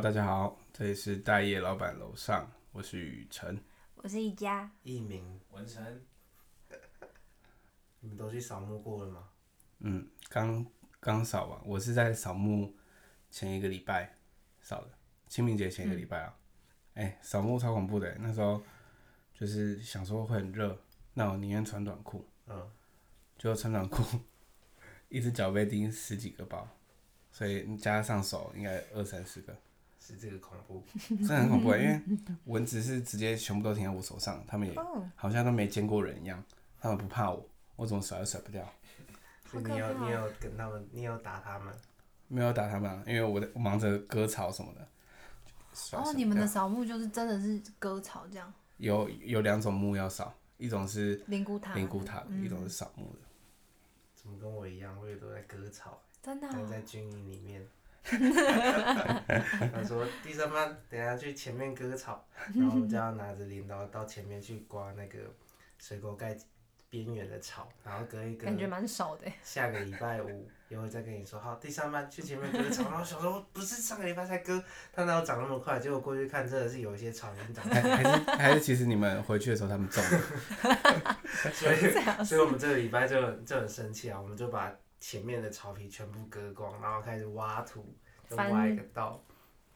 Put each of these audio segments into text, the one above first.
大家好，這裡是待業老板樓上，我是宇程，我是一家一名，文成， 你們都去掃墓過了嗎？嗯，剛剛掃完，我是在掃墓前一個禮拜掃的，清明節前一個禮拜啊。哎、嗯，掃、欸、墓超恐怖的、欸，那時候就是想說會很熱，那我寧願穿短褲，嗯，就穿短褲，一隻腳被叮十幾個包，所以加上手應該二三十個。是這個恐怖， 真的很恐怖啊！因為蚊子是直接全部都停在我手上，他們也好像都沒見過人一樣，他們不怕我，我怎麼甩都甩不掉。喔、你有你要跟他們，你要打他們？沒有打他們、啊，因為我在忙着割草什麼的什麼。哦，你們的掃墓就是真的是割草這樣？有有兩種墓要掃，一種是靈骨塔，靈骨塔、塔、嗯，一種是掃墓的。怎麼跟我一樣，我也都在割草？真的、喔？但在軍營裡面。 他說第三班等下去前面割個草，然後我們就要拿着鐮刀到前面去刮那個水溝蓋邊緣的草，然後割一個。感覺蠻少的。下個禮拜五又會再跟你說，好，第三班去前面割草。然後想說不是上個禮拜才割，但他那又長那麼快，結果過去看真的是有一些草已經長。 還是還是其實你們回去的時候他們種的。 所以所以我們這個禮拜就很就很生氣啊，我們就把。前面的草皮全部割光，然後開始挖土，就挖一個洞，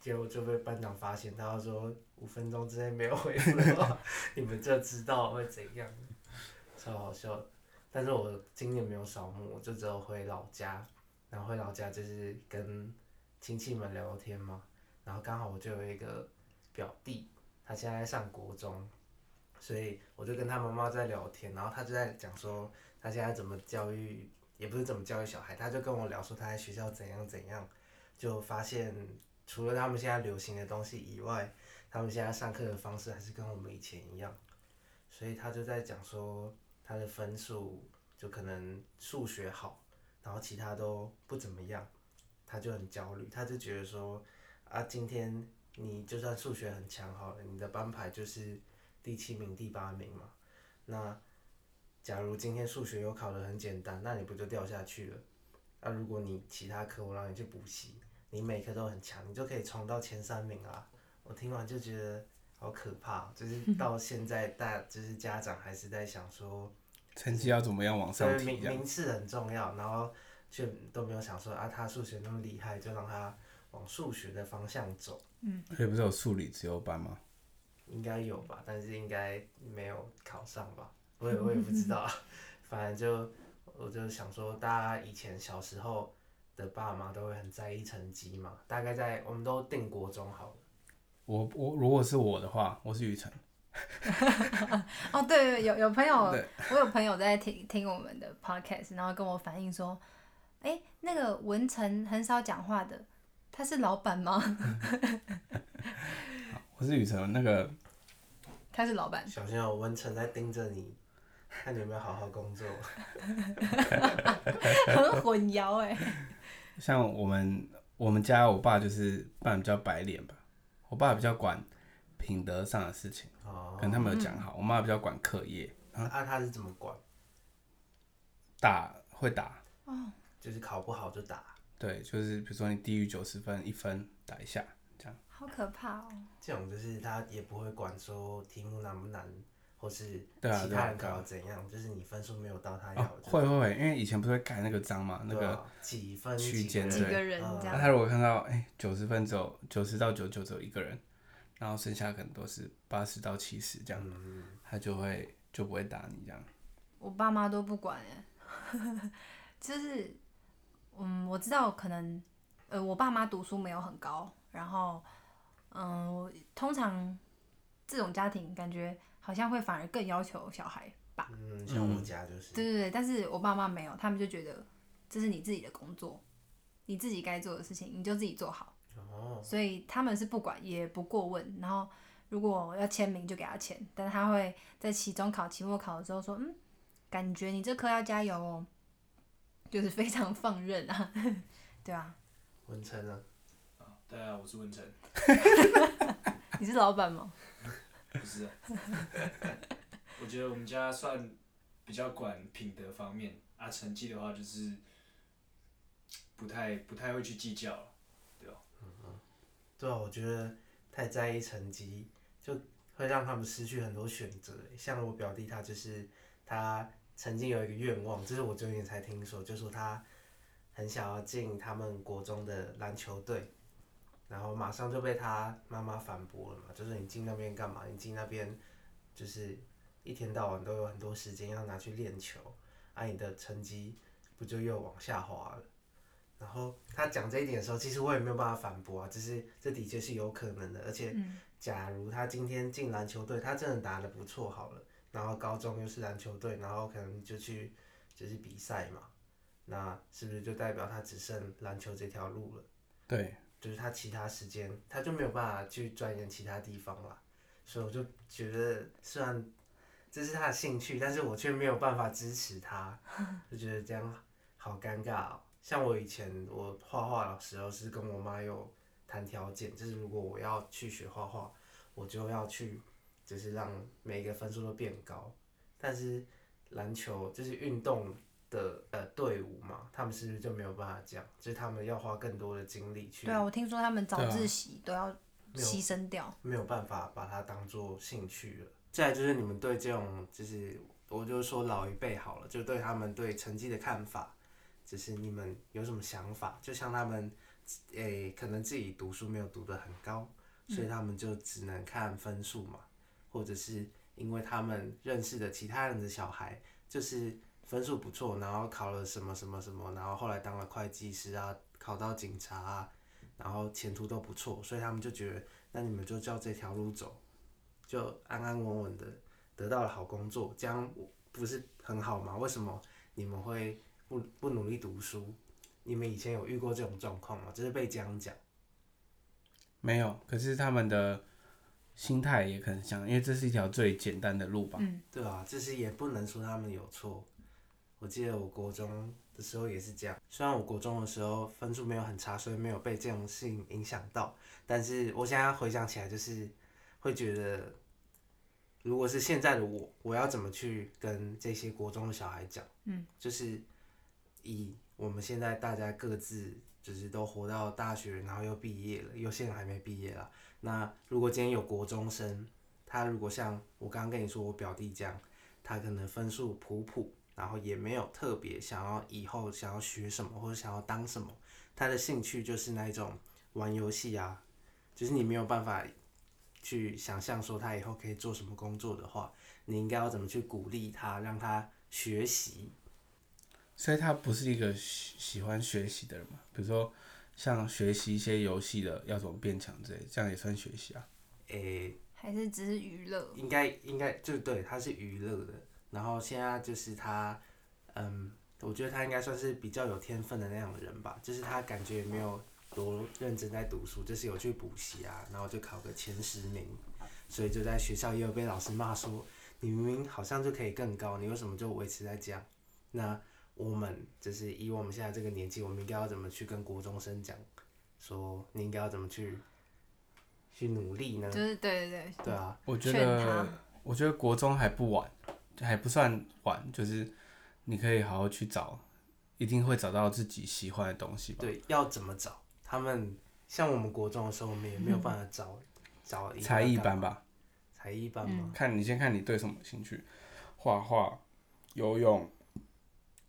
結果就被班長發現。他說：“五分鐘之內沒有回來，你們就知道會怎樣。 ”超好笑。但是我今年沒有掃墓，我就只有回老家。然後回老家就是跟親戚們聊天嘛。然後剛好我就有一個表弟，他現在在上國中，所以我就跟他媽媽在聊天。然後他就在講說他現在怎麼教育。也不是怎麼教育小孩，他就跟我聊說他在學校怎樣怎樣，就發現除了他們現在流行的東西以外，他們現在上課的方式還是跟我們以前一樣，所以他就在講說他的分數就可能數學好，然後其他都不怎麼樣，他就很焦慮，他就覺得說啊，今天你就算數學很強好了，你的班排就是第七名、第八名嘛，那。假如今天數學有考得很簡單，那你不就掉下去了？那、啊、如果你其他科我讓你去補習，你每科都很強，你就可以衝到前三名啊！我聽完就覺得好可怕，就是到現在大就是家長還是在想說，嗯、成績要怎麼樣往上提？對，名、名次很重要，然後卻都沒有想說啊，他數學那麼厲害，就讓他往數學的方向走。嗯，所以不是有數理資優班嗎？應該有吧，但是應該沒有考上吧。我也我也不知道，反正就我就想說，大家以前小時候的爸媽都會很在意成績嘛。大概在我們都定國中好了。我我如果是我的話，我是宇程。 哦，對對，有有朋友，我有朋友在聽聽我們的 podcast，然後跟我反映說，哎、欸，那個文成很少講話的，他是老闆嗎？ 我是宇程，那個他是老闆。小心哦、喔，文成在盯着你。看你有沒有好好工作， 很混淆哎、欸。 像我們我們家，我爸就是扮比較白臉吧，我爸也比較管品德上的事情，跟他們，哦、有講好。嗯、我媽比較管課業。嗯、啊，他是怎麼管？打，會打哦，就是考不好就打。對，就是比如說你低於九十分，一分打一下這樣。好可怕哦。這種就是他也不會管說題目難不難。或是對其他人考怎樣，對、啊對啊對啊對啊，就是你分數沒有到他會、喔、會會，因為以前不是會蓋那個章嘛，那個對、啊、幾分區間幾，幾個人這樣，啊、他如果看到哎九十分只有九十到九十九只有一個人，然後剩下可能都是八十到七十這樣、嗯，他就會就不會打你這樣。我爸媽都不管哎， 就是嗯，我知道可能呃我爸媽讀書沒有很高，然後嗯、呃，通常這種家庭感覺。好像會反而更要求小孩吧，嗯，像我們家就是，對對對，但是我爸媽沒有，他們就覺得這是你自己的工作，你自己該做的事情，你就自己做好。哦，所以他們是不管也不過問，然後如果要簽名就給他簽，但他會在期中考期末考的時候說，嗯，感覺你這科要加油哦，就是非常放任啊， 對啊。文成。啊，大家好，我是文成。 你是老闆嗎？不是啊， 我覺得我們家算比較管品德方面啊，成績的話就是不太不太會去計較，對哦。嗯，對啊，我覺得太在意成績，就會讓他們失去很多選擇。像我表弟他就是，他曾經有一個願望，這是我最近才聽說，就說、是、他很想要進他們國中的籃球隊。然後馬上就被他媽媽反駁了嘛，就是你進那邊幹嘛？你進那邊就是一天到晚都有很多時間要拿去練球，那、啊、你的成績不就又往下滑了？然後他講這一點的時候，其實我也沒有辦法反駁啊，只是這的確是有可能的。而且，假如他今天進籃球隊，他真的打得不錯好了，然後高中又是籃球隊，然後可能就去就是比賽嘛，那是不是就代表他只剩籃球這條路了？對。就是他其他時間，他就沒有辦法去鑽研其他地方了，所以我就覺得，雖然這是他的興趣，但是我卻沒有辦法支持他，就覺得這樣好尷尬哦、喔。像我以前，我畫畫的時候是跟我媽有談條件，就是如果我要去學畫畫，我就要去，就是讓每一個分數都變高。但是籃球就是運動。的呃隊伍嘛，他們是不是就沒有辦法講？就是他們要花更多的精力去。對啊，我聽說他們早自習都要犧牲掉、啊沒，沒有辦法把它當做興趣了。再來就是你們對這種，就是我就說老一輩好了，就對他們對成績的看法，就是你們有什麼想法？就像他們，誒、欸，可能自己讀書沒有讀得很高，所以他們就只能看分數嘛、嗯，或者是因為他們認識的其他人的小孩就是。分數不錯，然後考了什麼什麼什麼，然後後來當了會計師啊，考到警察啊，然後前途都不錯，所以他們就覺得，那你們就照這條路走，就安安穩穩的得到了好工作，這樣不是很好嗎？為什麼你們會不不努力讀書？你們以前有遇過這種狀況嗎？就是被這樣講？沒有，可是他們的心態也很像，因為這是一條最簡單的路吧？嗯，對啊，就是也不能說他們有錯。我記得我國中的時候也是這樣，雖然我國中的時候分數沒有很差，所以沒有被這種事情影響到，但是我現在回想起來，就是會覺得，如果是現在的我，我要怎麼去跟這些國中的小孩講？嗯，就是以我們現在大家各自就是都活到大學，然後又畢業了，又現在還沒畢業了，那如果今天有國中生，他如果像我剛剛跟你說我表弟這樣，他可能分數普普。然後也沒有特別想要以後想要學什麼或者想要當什麼，他的興趣就是那種玩遊戲啊，就是你沒有辦法去想象說他以後可以做什麼工作的話，你應該要怎麼去鼓勵他讓他學習？所以他不是一個喜歡學習的人嘛？比如說像學習一些遊戲的要怎麼變強之類的，這樣也算學習啊？誒、欸，還是只是娛樂？應該應該就對，他是娛樂的。然後現在就是他，嗯，我覺得他應該算是比較有天分的那樣的人吧。就是他感覺也沒有多認真在讀書，就是有去補習啊，然後就考個前十名，所以就在學校也有被老師罵說，你明明好像就可以更高，你為什麼就維持在這樣？那我們就是以我們現在這個年紀，我們應該要怎麼去跟國中生講，說你應該要怎麼去去努力呢？就是、對對對，對啊，我覺得，我覺得國中還不晚。還不算晚，就是你可以好好去找，一定會找到自己喜歡的東西吧。對，要怎麼找？他們像我們國中的時候，我們也沒有辦法找，嗯、找一些才藝班吧，才藝班嘛、嗯。看你先看你對什麼興趣，畫畫、游泳、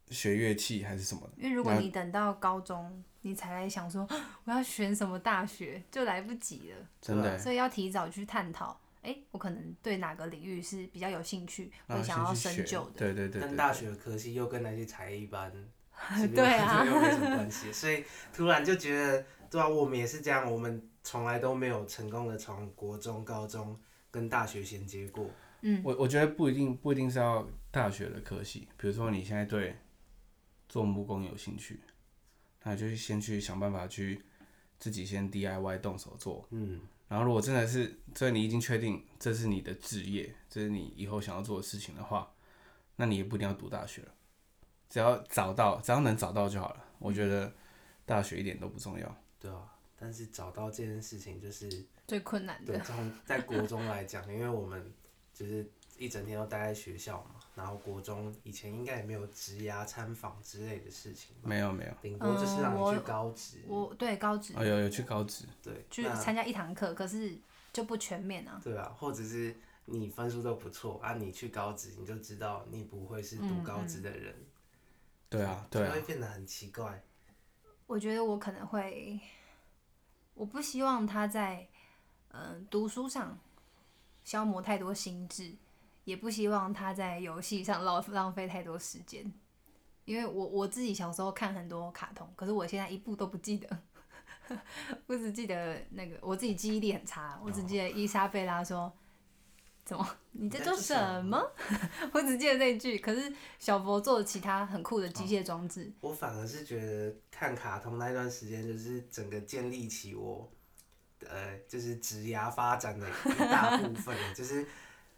學樂器還是什麼。因為如果你等到高中，你才來想說我要選什麼大學，就來不及了。真的，所以要提早去探討。欸，我可能對哪個領域是比較有興趣，興趣我想要深究的。對對對，跟大學的科系又跟那些才藝班， 對啊 沒什麼關係，所以突然就覺得，對啊，我們也是這樣，我們從來都沒有成功的從國中、高中跟大學銜接過。嗯，我我覺得不一定，不一定是要大學的科系。比如說你現在對做木工有興趣，那就先去想辦法去自己先 DIY 動手做。嗯。然後，如果真的是，所以你已經確定這是你的職業，這是你以後想要做的事情的話，那你也不一定要讀大學了。只要找到，只要能找到就好了。我覺得大學一點都不重要。對啊，但是找到這件事情就是最困難的。對，從在國中來講， 因為我們就是一整天都待在學校嘛。然後國中以前應該也沒有職涯參訪之類的事情，沒有沒有，頂多就是讓你去高職，嗯、我，我對高職，哦、有有去高職，對，去參加一堂課，可是就不全面啊。對啊，或者是你分數都不錯啊，你去高職你就知道你不會是讀高職的人，嗯、對啊對，就會變得很奇怪。我覺得我可能會，我不希望他在嗯、呃、讀書上消磨太多心智。也不希望他在遊戲上浪浪費太多時間，因為我我自己小時候看很多卡通，可是我現在一部都不記得，我只記得那個我自己記憶力很差，我只記得伊莎貝拉說：“哦、怎麼你在做什麼？”什麼 我只記得那句。可是小佛做了其他很酷的機械裝置，哦，我反而是覺得看卡通那段時間，就是整個建立起我呃，就是職涯發展的一大部分， 就是。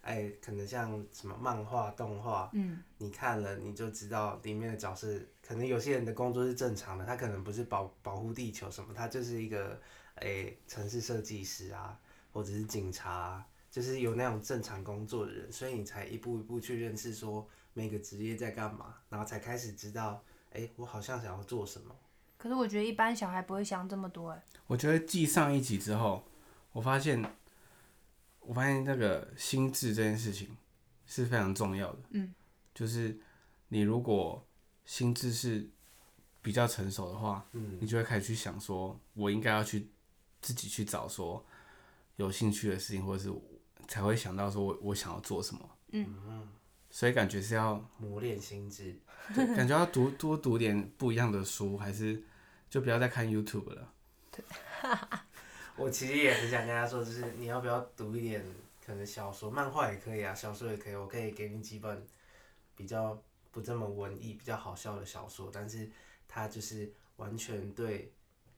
哎、欸，可能像什麼漫畫、動畫，嗯，你看了你就知道裡面的角色，可能有些人的工作是正常的，他可能不是保保護地球什麼，他就是一個誒城市設計師啊，或者是警察啊，就是有那種正常工作的人，所以你才一步一步去認識說每個職業在幹嘛，然後才開始知道，哎、欸，我好像想要做什麼。可是我覺得一般小孩不會想這麼多哎。我覺得繼上一集之後，我發現。我發現那個心智這件事情是非常重要的，嗯，就是你如果心智是比較成熟的話，嗯，你就會開始去想說，我應該要去自己去找說有興趣的事情，或者是才會想到說我我想要做什麼，嗯嗯，所以感覺是要磨練心智，對，感覺要讀多讀，讀，讀點不一樣的書，還是就不要再看 YouTube 了，對，哈哈。 我其實也很想跟他說，就是你要不要讀一點，可能小說、漫畫也可以啊，小說也可以，我可以給你幾本比較不這麼文藝、比較好笑的小說。但是他就是完全對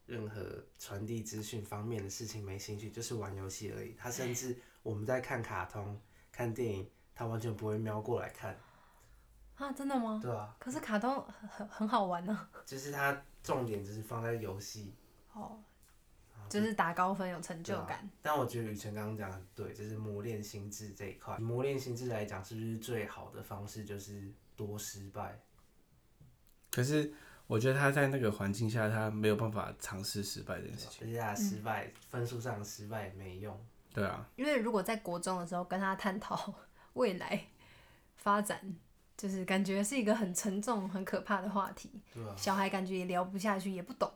任何傳遞資訊方面的事情沒興趣，就是玩遊戲而已。他甚至我們在看卡通、看電影，他完全不會瞄過來看。啊，真的嗎？對啊。可是卡通很很好玩呢。就是他重點就是放在遊戲。哦。就是打高分有成就感，嗯啊、但我覺得宇程剛剛講的對，就是磨練心智這一塊。磨練心智來講，是不是最好的方式就是多失敗？可是我覺得他在那個環境下，他沒有辦法嘗試失敗這件事情。而且、啊就是、他失敗，嗯、分數上失敗也沒用。對啊。因為如果在國中的時候跟他探討未來發展，就是感覺是一個很沉重、很可怕的話題。啊、小孩感覺也聊不下去，也不懂。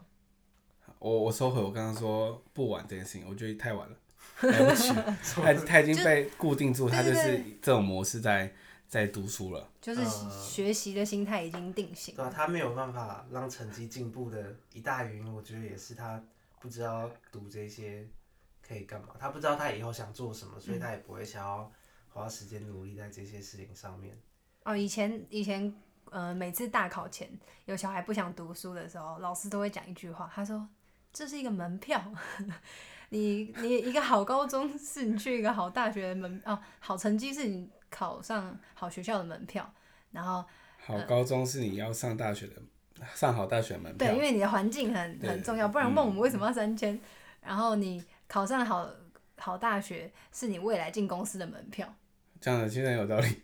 我我收回我剛剛說不晚這件事情，我覺得太晚了，來不及，他、 就是、他已經被固定住，他就是這種模式在在讀書了，就是學習的心態已經定型了、呃。對、啊、他沒有辦法讓成績進步的一大原因，我覺得也是他不知道讀這些可以幹嘛，他不知道他以後想做什麼，所以他也不會想要花時間努力在這些事情上面。哦，以前以前呃每次大考前有小孩不想讀書的時候，老師都會講一句話，他說。這是一個門票， 你你一個好高中是你去一個好大學的門票哦，好成績是你考上好學校的門票，然後好高中是你要上大學的，嗯、上好大學門票對，因為你的環境很很重要，對對對，不然問我們為什麼要三千，嗯、然後你考上好好大學是你未來進公司的門票，這樣的其實，很有道理，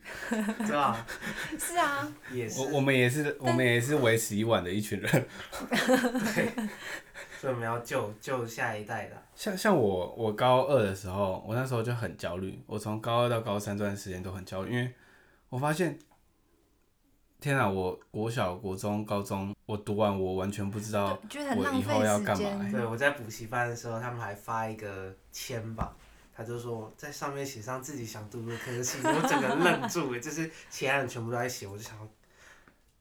是吧嗎？ 是啊，也是我我們也是我們也是為時已晚的一群人， 對所以我們要救救下一代的、啊。像像我，我高二的時候，我那時候就很焦慮。我從高二到高三這段時間都很焦慮，因為我發現，天哪、啊！我國小、國中、高中，我讀完，我完全不知道我以後要幹嘛，對。對，我在補習班的時候，他們還發一個籤吧，他就說在上面寫上自己想讀的科系，是，是我整個愣住，哎， 就是其他人全部都在寫，我就想，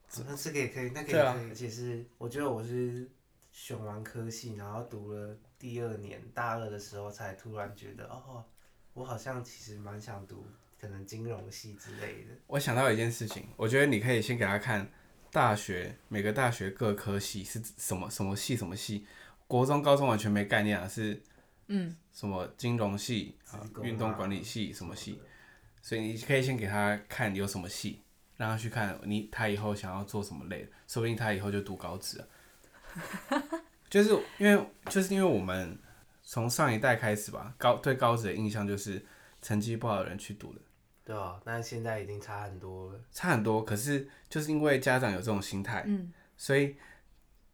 怎麼這個也可以，那個也可以，啊、而且是我覺得我是。選完科系，然後讀了第二年大二的時候，才突然覺得，哦，我好像其實蠻想讀可能金融系之類的。我想到一件事情，我覺得你可以先給他看大學每個大學各科系是什麼，什麼系什麼系，國中高中完全沒概念啊，是什麼金融系、嗯、啊，運、啊、動管理系什麼系、嗯，所以你可以先給他看有什麼系，讓他去看你他以後想要做什麼類的，說不定他以後就讀高職了。 就是因為，就是因為我們從上一代開始吧，高對高職的印象就是成績不好的人去讀的。對哦，但現在已經差很多了。差很多，可是就是因為家長有這種心態，嗯，所以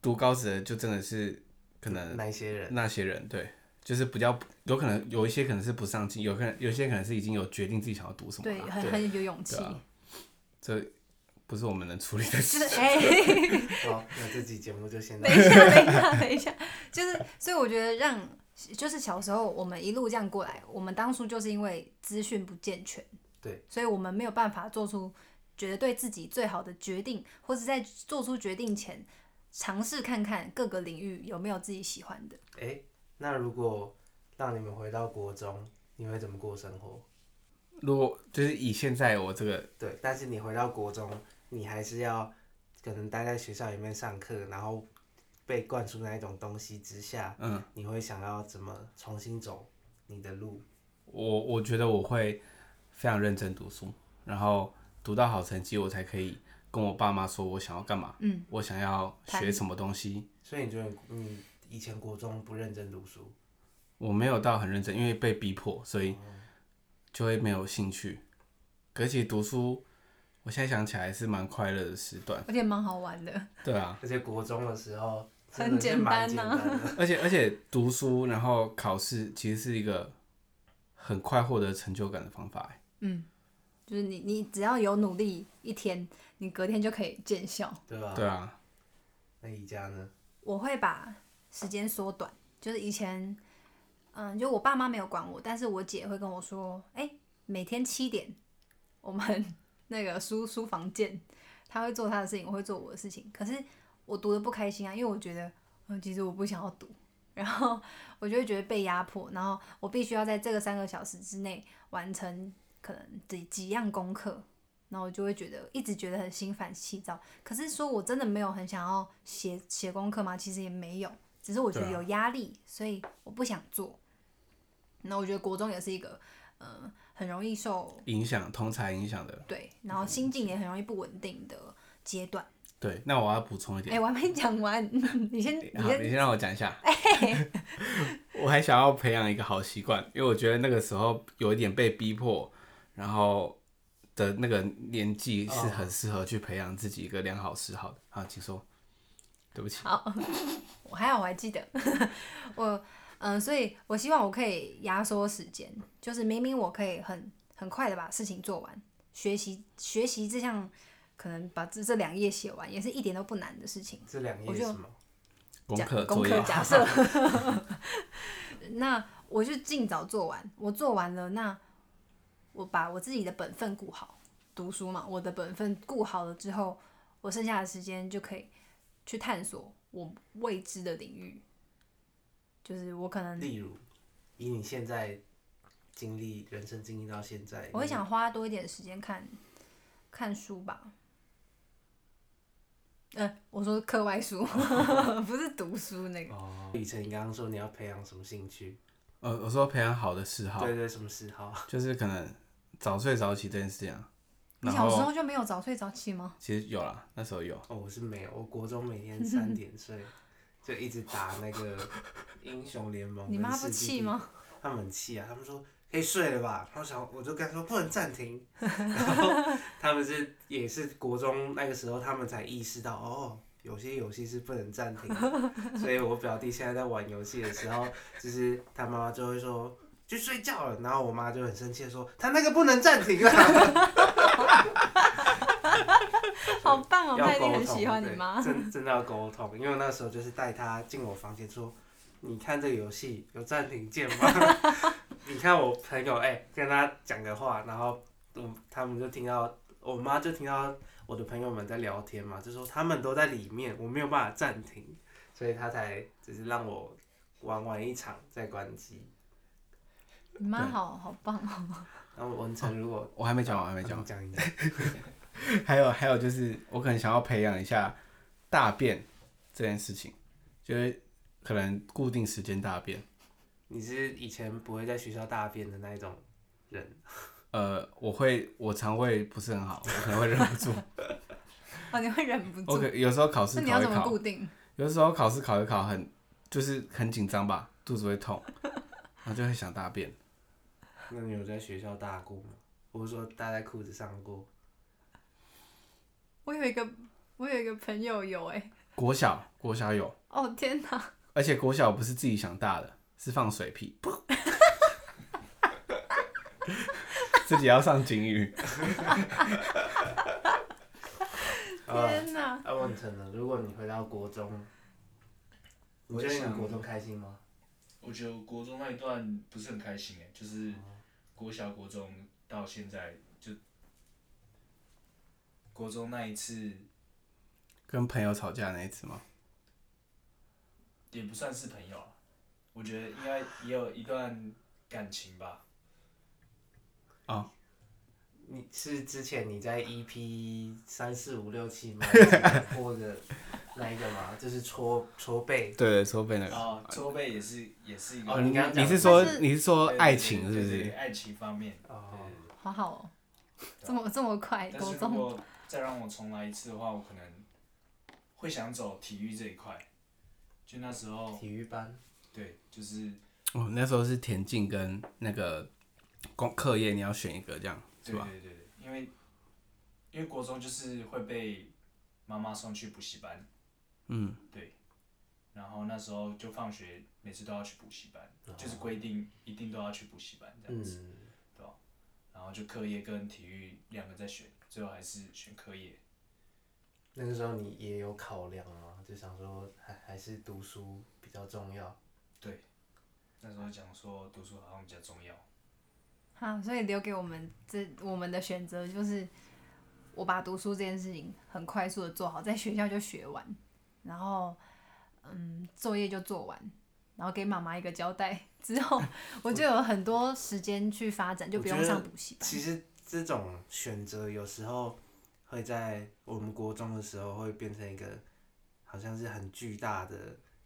讀高職的就真的是可能那些人，那些人，對，就是比較有可能有一些可能是不上進，有可能有一些可能是已經有決定自己想要讀什麼，對，很很有勇氣。對，對啊。這。不是我們能處理的事。 情、欸。哎，好，那這期節目就先到。等一下，等一下，等一下，就是所以我覺得讓，就是小時候我們一路這樣過來，我們當初就是因為資訊不健全，對，所以我們沒有辦法做出覺得對自己最好的決定，或是在做出決定前嘗試看看各個領域有沒有自己喜歡的。哎、欸，那如果讓你們回到國中，你會怎麼過生活？如果就是以現在我這個，對，但是你回到國中。你還是要可能待在學校裡面上課，然後被灌輸那一種東西之下，嗯，你會想要怎麼重新走你的路？我我覺得我會非常認真讀書，然後讀到好成績，我才可以跟我爸媽說我想要幹嘛，嗯，我想要學什麼東西。所以你覺得你以前國中不認真讀書？我沒有到很認真，因為被逼迫，所以就會沒有興趣。嗯，而且讀書。我現在想起來還是蠻快樂的時段，而且蠻好玩的。對啊，而且國中的時候很簡單吶，而且而且讀書然後考試其實是一個很快獲得成就感的方法。嗯，就是你你只要有努力一天，你隔天就可以見效，對吧？對啊。那宜家呢？我會把時間縮短，就是以前嗯，就我爸媽沒有管我，但是我姐會跟我說：“欸，每天七點，我們。”那個書書房間，他會做他的事情，我會做我的事情。可是我讀得不開心啊，因為我覺得，嗯、呃，其實我不想要讀，然後我就會覺得被壓迫，然後我必須要在這個三個小時之內完成可能幾幾樣功課，然後我就會覺得一直覺得很心煩氣躁。可是說我真的沒有很想要寫寫功課嗎？其實也沒有，只是我覺得有壓力，啊，所以我不想做。那我覺得國中也是一個，嗯、呃。很容易受影響，同儕影響的。對，然後心境也很容易不穩定的階段、嗯。對，那我要補充一點。哎、欸，我還沒講完、嗯，你先，你先，你先讓我講一下。欸、 我還想要培養一個好習慣，因為我覺得那個時候有一點被逼迫，然後的那個年紀是很適合去培養自己一個良好嗜好的、哦。啊，請說，對不起。好，我還好我還記得 我。嗯、呃，所以我希望我可以壓縮時間，就是明明我可以很很快的把事情做完，學習學習這項可能把這這兩頁寫完也是一點都不難的事情。這兩頁什麼？我就講，功課假設。 那我就儘早做完，我做完了，那我把我自己的本分顧好，讀書嘛，我的本分顧好了之後，我剩下的時間就可以去探索我未知的領域。就是我可能，例如以你現在經歷人生經歷到現在，我會想花多一點時間看看書吧。嗯、呃，我說課外書，哦、 不是讀書那個。哦、宇程你剛剛說你要培養什麼興趣？呃，我說培養好的嗜好。對對，對，什麼嗜好？就是可能早睡早起這件事情。你小時候就沒有早睡早起嗎？其實有啦，那時候有。哦，我是沒有，我國中每天三點睡。 就一直打那個英雄聯盟， 你媽不氣嗎？他們很氣啊，他們說可以睡了吧？然後我想我就跟他說不能暫停，然後他們是也是國中那個時候，他們才意識到哦，有些遊戲是不能暫停的。所以我表弟現在在玩遊戲的時候，就是他媽媽就會說去睡覺了，然後我媽就很生氣的說他那個不能暫停了、啊。 好棒哦！真的很喜歡你媽，真的真的要溝通，因為那時候就是帶他進我房間說：“你看這個遊戲有暫停鍵嗎？ 你看我朋友哎、欸，跟他講個話，然後我他們就聽到，我媽就聽到我的朋友們在聊天嘛，就說他們都在裡面，我沒有辦法暫停，所以他才只是讓我玩完一場再關機。你媽好、嗯、好棒哦！然後文成，如果、哦、我還沒講完，我還沒講，講、嗯、一點。 還有還有就是，我可能想要培養一下大便這件事情，就是可能固定時間大便。你是以前不會在學校大便的那一種人？呃，我會，我腸胃不是很好，我可能會忍不住。 哦，你會忍不住，我可有時候考試考一考。那你要怎麼固定？有時候考試考一考很，很就是很緊張吧，肚子會痛，然後就會想大便。那你有在學校大過嗎？我是說大在褲子上過？我有一個，我有一個朋友有哎、欸，國小國小有，哦、oh，天哪！而且國小不是自己想大的，是放水屁， 自己要上警語， 天哪！阿文成呢？如果你回到國中，你覺得你國中開心嗎？我覺得國中那一段不是很開心哎，就是國小國中到現在就。國中那一次，跟朋友吵架的那一次嗎？也不算是朋友，我覺得應該也有一段感情吧。啊、哦，你是之前你在 EP 三四五六七嗎？或 者那，那一個嗎？就是搓搓背。對對，搓背那個。哦，搓背也是也是一個。哦，你剛你是說是你是說愛情對對對，是不是？就是、愛情方面。哦，對對對好好，哦、喔，這麼這麼快，國 中。再讓我重來一次的話，我可能會想走體育這一塊。就那時候，體育班。對，就是。哦，那時候是田徑跟那個功課業，你要選一個這樣，是吧？對對對對，因為因為國中就是會被媽媽送去補習班。嗯。對。然後那時候就放學，每次都要去補習班，就是規定一定都要去補習班這樣子。嗯然後就課業跟體育兩個在選，最後還是選課業。那時候你也有考量啊，就想說還還是讀書比較重要。對，那時候講說讀書好像比較重要。好，所以留給我們這我們的選擇就是，我把讀書這件事情很快速的做好，在學校就學完，然後嗯，作業就做完，然後給媽媽一個交代。之後我就有很多時間去發展，就不用上補習班。其實這種選擇有時候會在我們國中的時候會變成一個，好像是很巨大的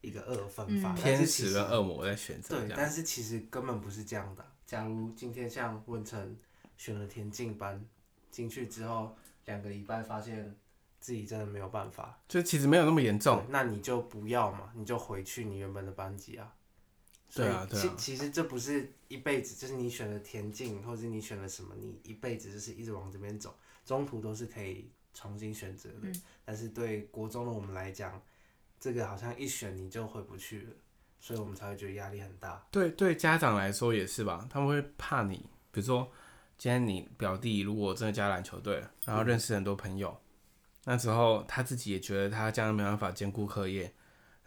一個二分法，嗯，天使的惡魔在選擇。對，但是其實根本不是這樣的、啊。假如今天像文成選了田徑班，進去之後兩個禮拜發現自己真的沒有辦法，就其實沒有那麼嚴重。那你就不要嘛，你就回去你原本的班級啊。對啊，對，其其實這不是一輩子，就是你選了田徑，或是你選了什麼，你一輩子就是一直往這邊走，中途都是可以重新選擇的。但是對國中的我們來講，這個好像一選你就回不去了，所以我們才會覺得壓力很大。對對，對家長來說也是吧，他們會怕你，比如說今天你表弟如果真的加籃球隊，然後認識很多朋友，那時候他自己也覺得他將來沒辦法兼顧課業。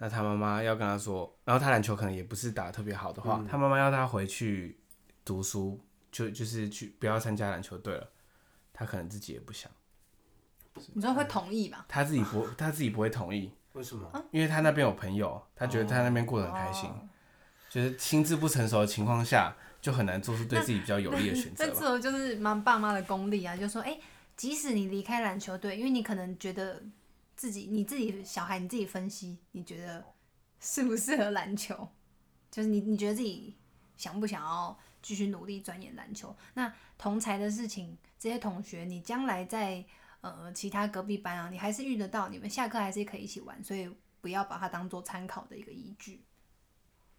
那他媽媽要跟他說，然後他籃球可能也不是打得特別好的話，嗯、他媽媽要他回去讀書，就就是去不要參加籃球隊了。他可能自己也不想，你說會同意吧？他自己不，他自己不會同意。 為什麼？因為他那邊有朋友，他覺得他那邊過得很開心。哦，就是心智不成熟的情況下，就很難做出對自己比較有利的選擇。這時候就是媽爸媽的功力啊，就說，哎、欸，即使你離開籃球隊，因為你可能覺得。自己，你自己小孩，你自己分析，你覺得適不適合籃球？就是你，你覺得自己想不想要繼續努力鑽研籃球？那同儕的事情，這些同學，你將來在呃其他隔壁班啊，你還是遇得到，你們下課還是可以一起玩，所以不要把它當做參考的一個依據。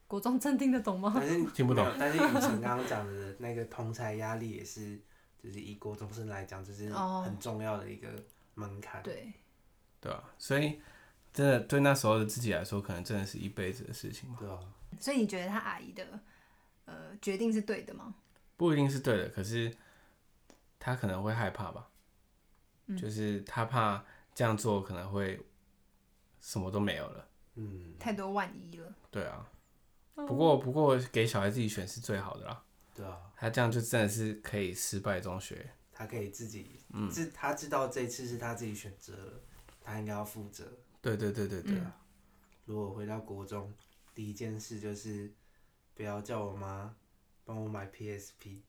國中真聽得懂嗎？但是聽不懂。但是宇程剛剛講的那個同儕壓力也是，就是以國中生來講，就是很重要的一個門檻，哦。對。對啊，所以真的對那時候的自己來說，可能真的是一輩子的事情。對啊。所以你覺得他阿姨的呃決定是對的嗎？不一定是對的，可是他可能會害怕吧，嗯，就是他怕這樣做可能會什麼都沒有了，嗯，太多萬一了。對啊。不過不過，給小孩自己選是最好的啦。對啊。他這樣就真的是可以失敗中學，他可以自己，自、嗯，他知道這次是他自己選擇了。他應該要負責。對對對對對啊。嗯。如果回到國中，第一件事就是不要叫我媽幫我買 PSP，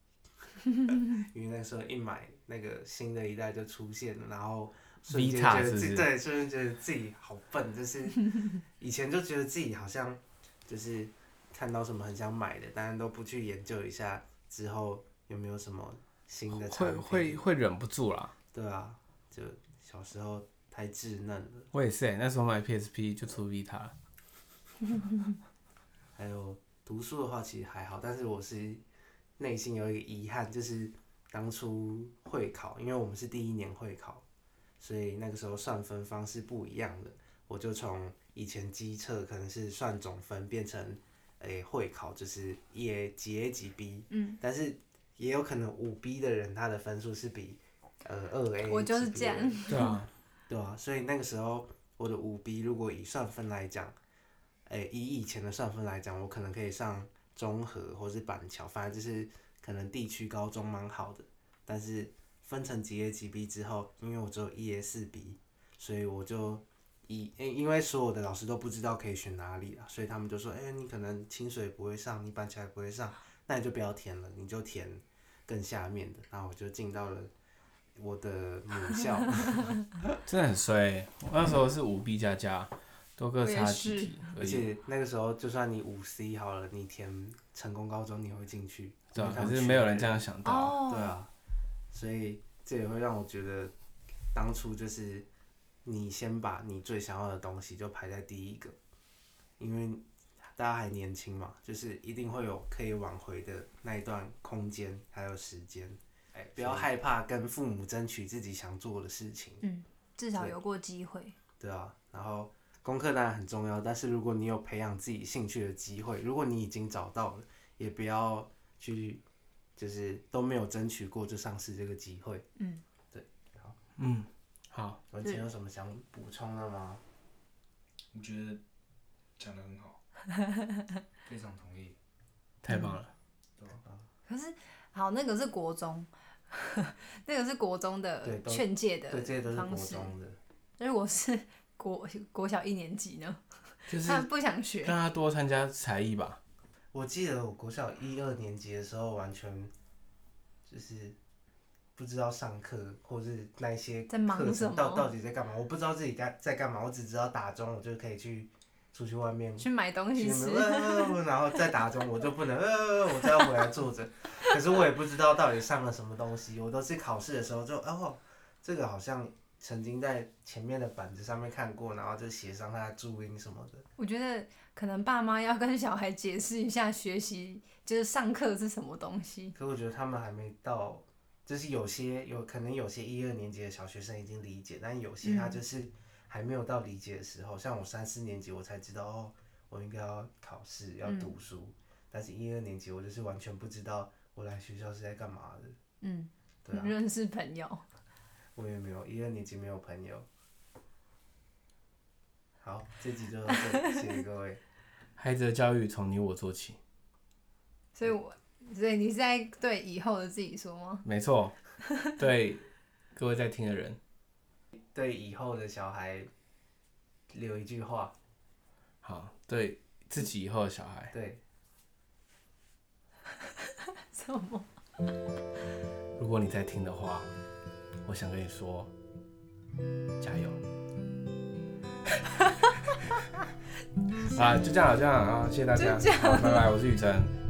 因為那時候一買那個新的一代就出現了，然後瞬間覺得自己 Vita，是是。對，瞬間覺得自己好笨，就是以前就覺得自己好像就是看到什麼很想買的，但是都不去研究一下之後有沒有什麼新的產品，會會會忍不住啦。對啊，就小時候。太稚嫩了。我也是、欸，那時候買 PSP 就出 Vita。 還有讀書的話，其實還好，但是我是內心有一個遺憾，就是當初會考，因為我們是第一年會考，所以那個時候算分方式不一樣的。我就從以前基測可能是算總分，變成誒、欸、會考就是 1A, 級 A 幾 A 幾 B，、嗯、但是也有可能五 B 的人他的分數是比呃二 A，我就是這樣，對吧、嗯對啊，所以那個時候我的五 B 如果以算分來講，誒、欸，以以前的算分來講，我可能可以上中和或是板橋，反正就是可能地區高中蠻好的。但是分成幾 A 幾 B 之後，因為我只有一 A 四 B，所以我就以、欸、因為所有的老師都不知道可以選哪裡了，所以他們就說：誒、欸，你可能清水不會上，你板橋也不會上，那你就不要填了，你就填更下面的。然後我就進到了。我的母校 真的很衰欸。我那時候是五 B 加加，多個差距而已。而且那個時候，就算你五 C 好了，你填成功高中，你會進去。對，然後去，可是沒有人這樣想到。Oh. 對啊，所以這也會讓我覺得，當初就是你先把你最想要的東西就排在第一個，因為大家還年輕嘛，就是一定會有可以挽回的那一段空間還有時間。欸、不要害怕跟父母爭取自己想做的事情。嗯，至少有過機會。對。對啊，然後功課當然很重要，但是如果你有培養自己興趣的機會，如果你已經找到了，也不要去，就是都沒有爭取過就喪失這個機會。嗯，對。好，嗯，好。文成有什麼想補充的嗎？我覺得講得很好， 非常同意，太棒了、嗯、了，對吧？可是好，那個是國中。 那個是國中的勸誡的方式對，對，這些都是國中的。如果是國國小一年級呢，就是，他不想學，讓他多參加才藝吧，、就是、吧。我記得我國小一二年級的時候，完全就是不知道上課或是那些課程到到底在幹嘛，我不知道自己在在幹嘛，我只知道打鐘，我就可以去。出去外面去買東西吃，哇哇哇然後再打鐘。 我就不能哇哇哇，我再回來坐着。 可是我也不知道到底上了什麼東西，我都是考試的時候就哦，這個好像曾經在前面的板子上面看過，然後就寫上他的注音什麼的。我覺得可能爸媽要跟小孩解釋一下學，學習就是上課是什麼東西。可我覺得他們還沒到，就是有些有可能有些一二年級的小學生已經理解，但有些他就是。嗯還沒有到理解的時候，像我三四年級，我才知道哦，我應該要考試，要讀書，嗯。但是一二年級，我就是完全不知道，我來學校是在幹嘛的。嗯，對啊。你認識朋友。我也沒有，一二年級沒有朋友。好，這集就到這裡，謝謝各位。 孩子的教育從你我做起。所以我，我所以你是在對以後的自己說嗎？嗯、沒錯，對各位在聽的人。對以後的小孩留一句話。好，對自己以後的小孩。對。 如果你在聽的話，我想跟你說，加油。好 啊，就這樣，就這樣啊，謝謝大家，啊、拜拜，我是宇程。